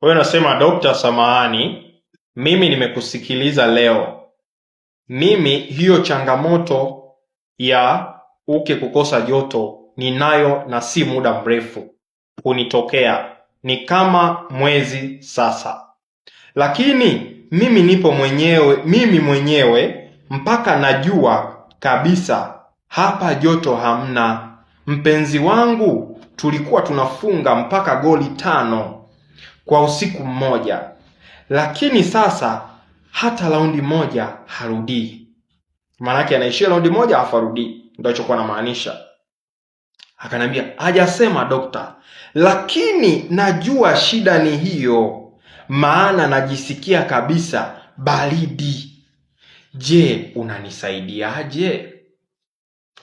Kwa hiyo nasema dokta, samahani, mimi nimekusikiliza leo. Mimi hiyo changamoto ya uke kukosa joto ninayo, na si muda mrefu kunitokea, ni kama mwezi sasa, lakini mimi nipo mwenyewe, mimi mwenyewe mpaka najua kabisa hapa joto hamna. Mpenzi wangu tulikuwa tunafunga mpaka goli tano kwa usiku mmoja, lakini sasa hata raundi moja harudii. yake anaishia raundi moja afu arudii, ndio alichokuwa namaanisha. Akanambia hajasema dokta, lakini najua shida ni hiyo, maana najisikia kabisa baridi. Je, unanisaidiaje?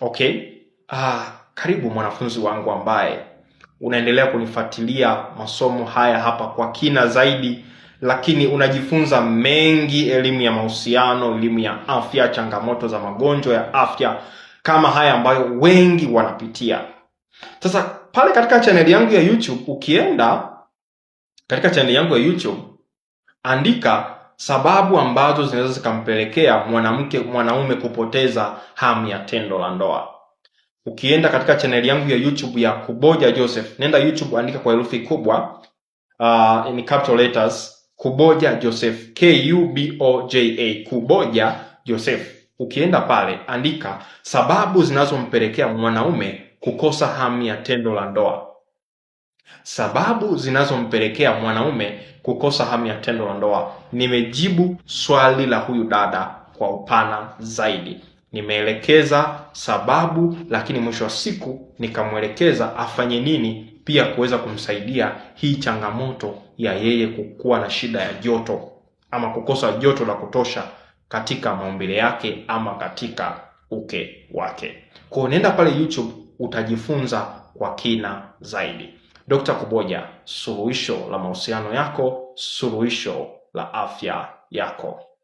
Okay. Ah, karibu mwanafunzi wangu ambaye unaendelea kunifuatilia masomo haya hapa kwa kina zaidi, lakini unajifunza mengi, elimu ya mahusiano, elimu ya afya, changamoto za magonjwa ya afya kama haya ambayo wengi wanapitia. Sasa pale katika chaneli yangu ya YouTube, ukienda katika chaneli yangu ya YouTube andika sababu ambazo zinaweza zikampelekea mwanamke mwanaume kupoteza hamu ya tendo la ndoa ukienda katika chaneli yangu ya youtube ya kuboja joseph nenda youtube andika kwa herufi kubwa uh, in capital letters kuboja joseph kuboja kuboja joseph ukienda pale andika sababu zinazompelekea mwanaume kukosa hamu ya tendo la ndoa sababu zinazompelekea mwanaume kukosa hamu ya tendo la ndoa nimejibu swali la huyu dada kwa upana zaidi nimeelekeza sababu, lakini mwisho wa siku nikamwelekeza afanye nini pia kuweza kumsaidia hii changamoto ya yeye kukuwa na shida ya joto ama kukosa joto la kutosha katika maumbile yake ama katika uke wake. Kwa hiyo nenda pale YouTube utajifunza kwa kina zaidi. Dokta Kuboja, suluhisho la mahusiano yako, suluhisho la afya yako.